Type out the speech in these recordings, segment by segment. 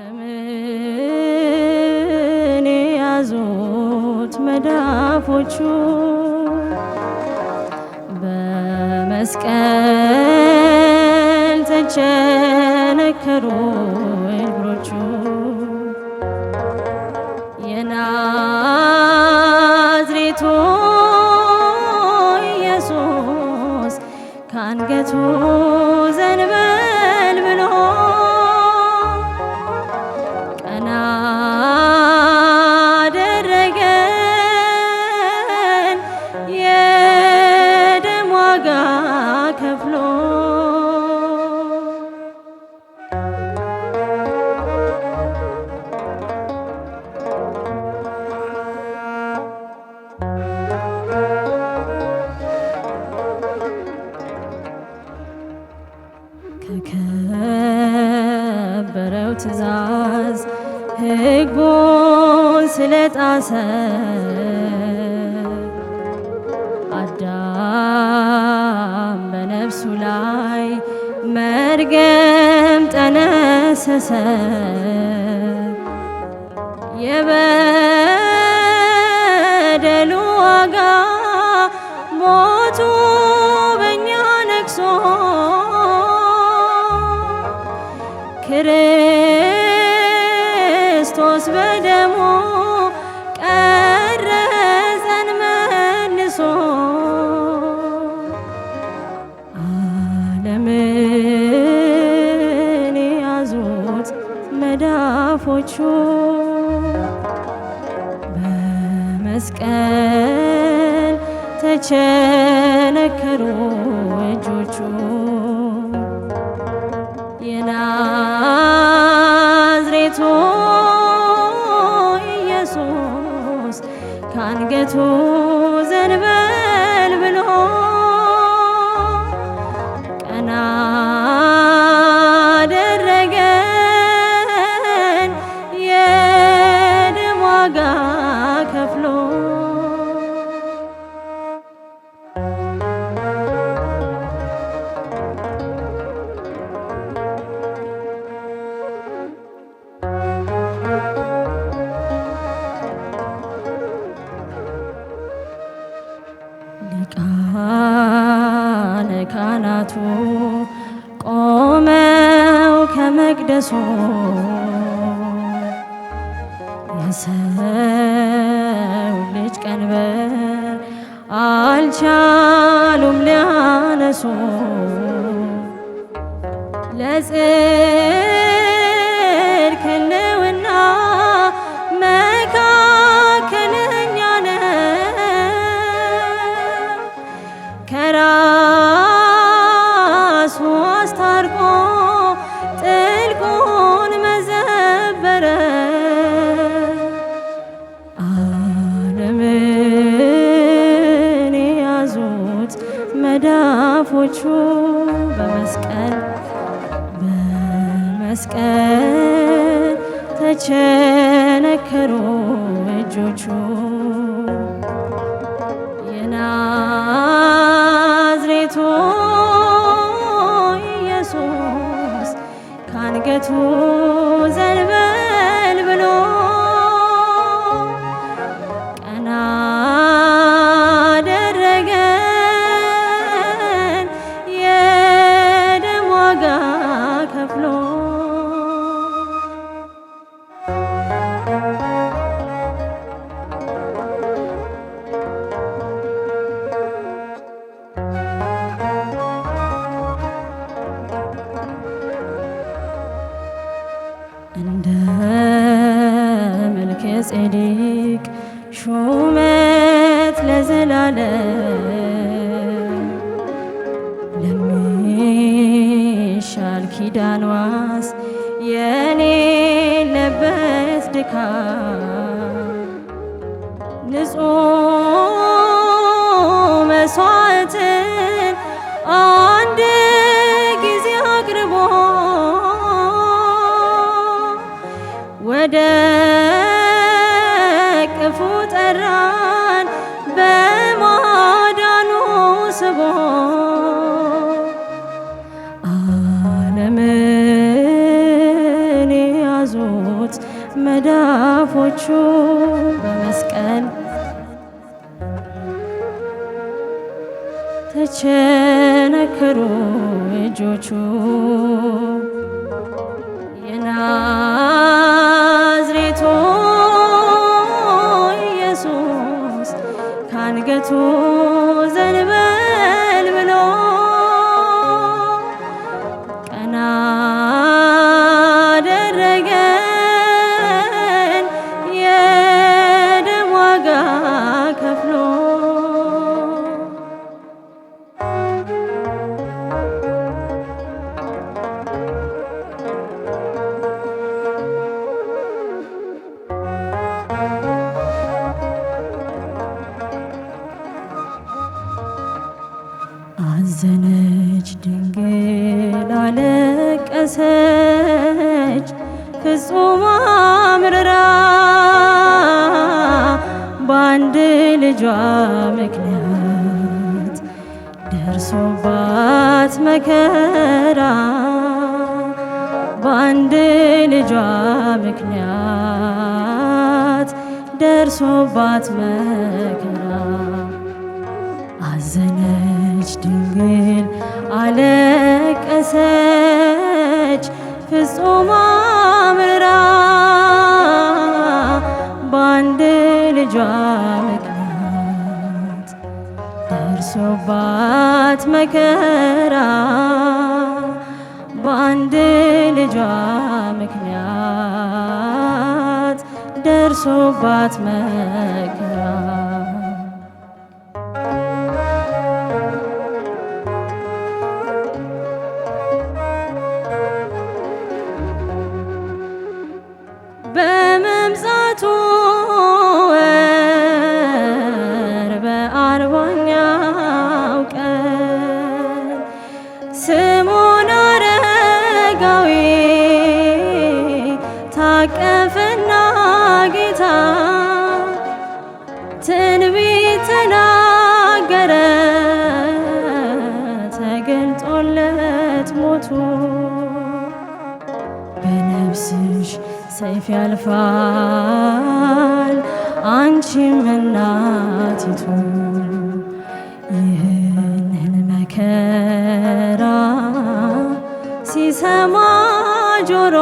ለምን የያዙት መዳፎቹ በመስቀል ተቸነከሩ እግሮቹ የናዝሬቱ ኢየሱስ ከአንገቱ ሲያዝ ሕጉን ስለጣሰ አዳም በነፍሱ ላይ መርገም ጠነሰሰ። የበደሉ ዋጋ ሞቱ በእኛ ነግሶ ክሬ ክርስቶስ በደሙ ቀረጸን መልሶ ዓለምን ያዙት መዳፎቹ በመስቀል ተቸ አንገቱ ዘንበል 说。መስዋዕትን አንድ ጊዜ አቅርቦ ወደ ቅፉ ጠራን በማዳኑ ስቦ ዓለምን የያዙት መዳፎቹ ተቸነከሩ እጆቹ የናዝሬቱ ኢየሱስ ካንገቱ ደርሶባት መከራ በአንድ ልጇ ምክንያት ደርሶባት መከራ አዘነች ድንግል አለቀሰች ፍጹም አምራ በአንድ ልጇ ደርሶባት መከራ በአንድ ልጇ ምክንያት ደርሶባት መከራ ያልፋል አንቺም እናቲቱ ይህንን መከራ ሲሰማ ጆሮ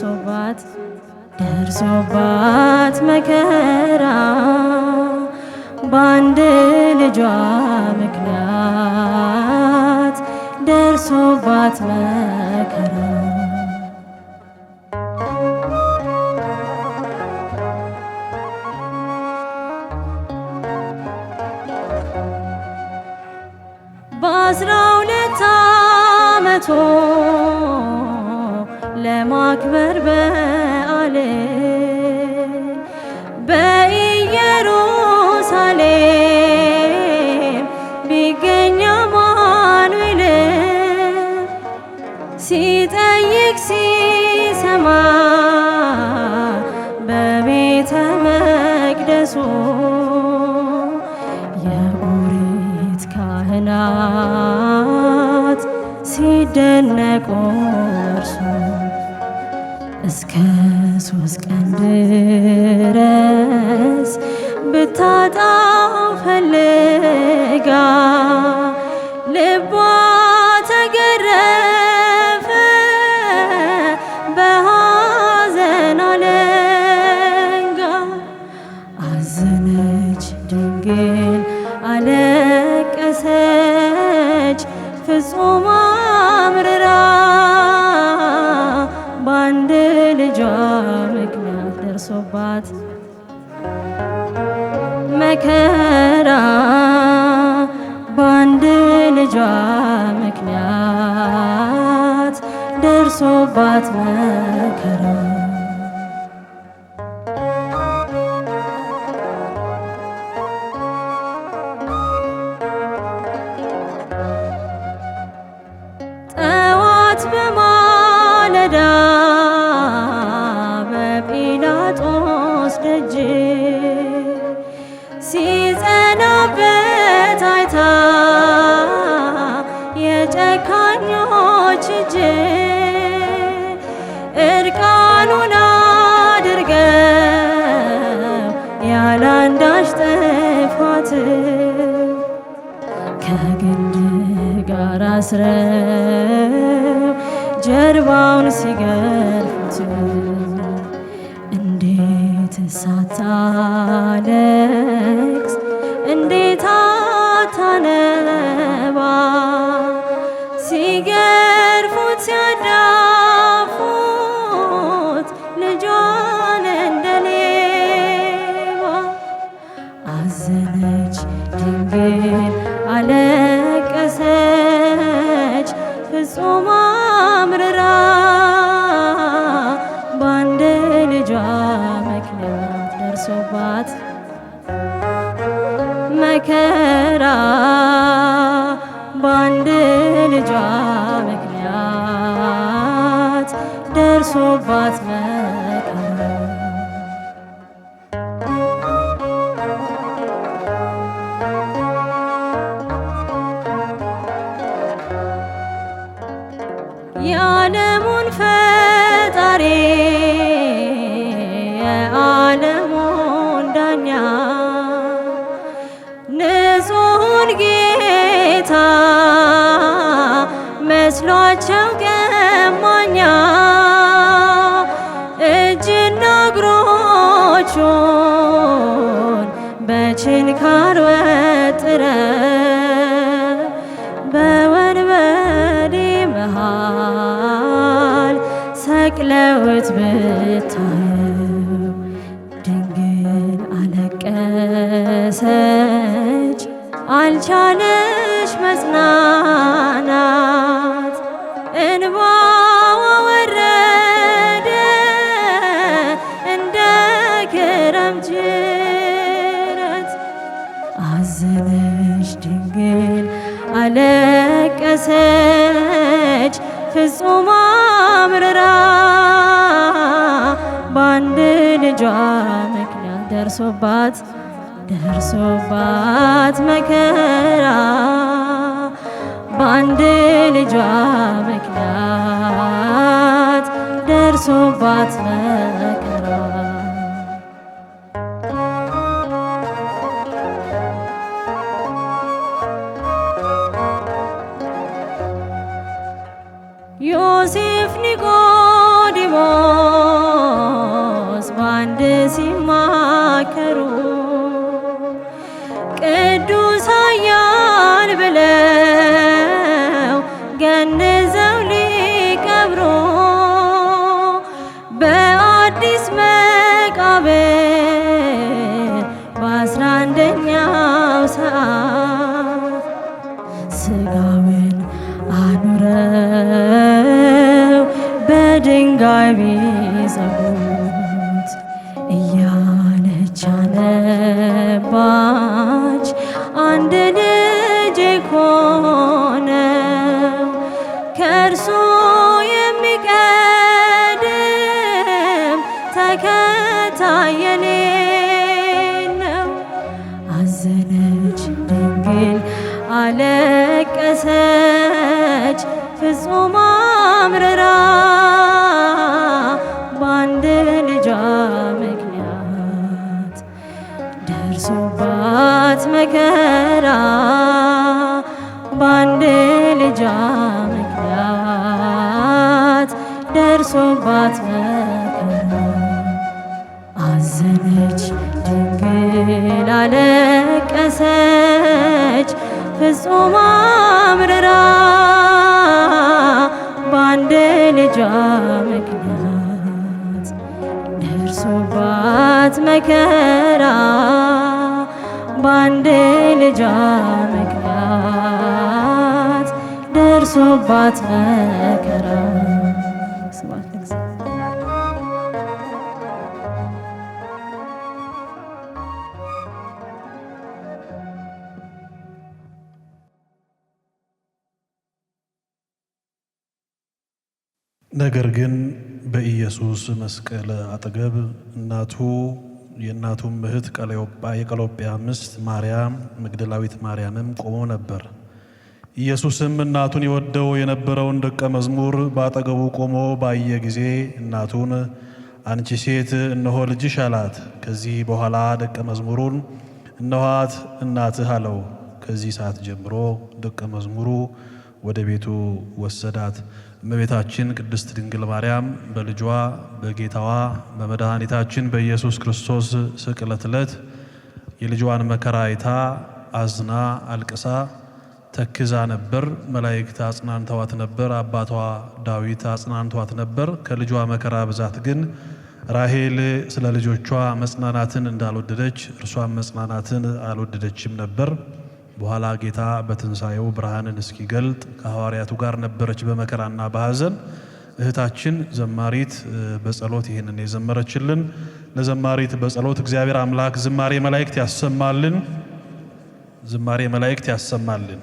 ደርሶባት ደርሶባት መከራ በአንድ ልጇ ምክንያት ደርሶባት መከራ በአስራ ሁለት አመቶ ለማክበር በዓል በኢየሩሳሌም ቢገኝ አማኑኤል ሲጠይቅ ሲሰማ በቤተ መቅደሱ የኦሪት ካህናት ሲደነቁ ሶስት ቀን ድረስ ብታጣ ፈልጋ ልቧ ደርሶባት መከራ በአንድ ልጇ ምክንያት ደርሶባት መከራ ደጅ ሲጸናበት አይታ የጨካኞች እጅ እርቃኑን አድርገው ያለ አንዳች ጥፋት ከግንድ ጋር አስረው ጀርባውን ሲገርፉት ሳታደግ አባት መከራ በአንድ ልጇ ምክንያት ደርሶባት መዳኛ ንጹሑን ጌታ መስሏቸው ቀማኛ እጅና እግሮቹን በችንካር ወጥረ በወንበዴ መሃል ሰቅለውት ብታ ደረሰች አልቻለች መጽናናት እንባ ወረደ እንደ ክረምት ጅረት አዘነሽ ድንግል አለቀሰች ፍጹም አምርራ በአንድ ልጇ ምክንያት ደርሶባት ደርሶባት መከራ በአንድ ልጇ ምክንያት ደርሶባት ቅዱስ ብለው ገን በመውለጃ ምክንያት ደርሶባት መከራ አዘነች ድንግል አለቀሰች ፍጹም አምርራ በአንድ ልጇ ምክንያት ደርሶባት መከራ በአንድ ልጇ ምክንያት ደርሶባት መከራ ነገር ግን በኢየሱስ መስቀል አጠገብ እናቱ የእናቱም እህት ቀለዮጳ የቀሎጵያ ምስት ማርያም መግደላዊት ማርያምም ቆሞ ነበር። ኢየሱስም እናቱን የወደው የነበረውን ደቀ መዝሙር በአጠገቡ ቆሞ ባየ ጊዜ እናቱን አንቺ ሴት እነሆ ልጅሽ አላት። ከዚህ በኋላ ደቀ መዝሙሩን እነኋት እናትህ አለው። ከዚህ ሰዓት ጀምሮ ደቀ መዝሙሩ ወደ ቤቱ ወሰዳት። እመቤታችን ቅድስት ድንግል ማርያም በልጇ በጌታዋ በመድኃኒታችን በኢየሱስ ክርስቶስ ስቅለት ዕለት የልጇን መከራ አይታ አዝና አልቅሳ ተክዛ ነበር። መላእክት አጽናንተዋት ነበር። አባቷ ዳዊት አጽናንቷት ነበር። ከልጇ መከራ ብዛት ግን ራሄል ስለ ልጆቿ መጽናናትን እንዳልወደደች እርሷን መጽናናትን አልወደደችም ነበር። በኋላ ጌታ በትንሣኤው ብርሃንን እስኪገልጥ ከሐዋርያቱ ጋር ነበረች በመከራና በሐዘን። እህታችን ዘማሪት በጸሎት ይህንን የዘመረችልን ለዘማሪት በጸሎት እግዚአብሔር አምላክ ዝማሬ መላእክት ያሰማልን። ዝማሬ መላእክት ያሰማልን።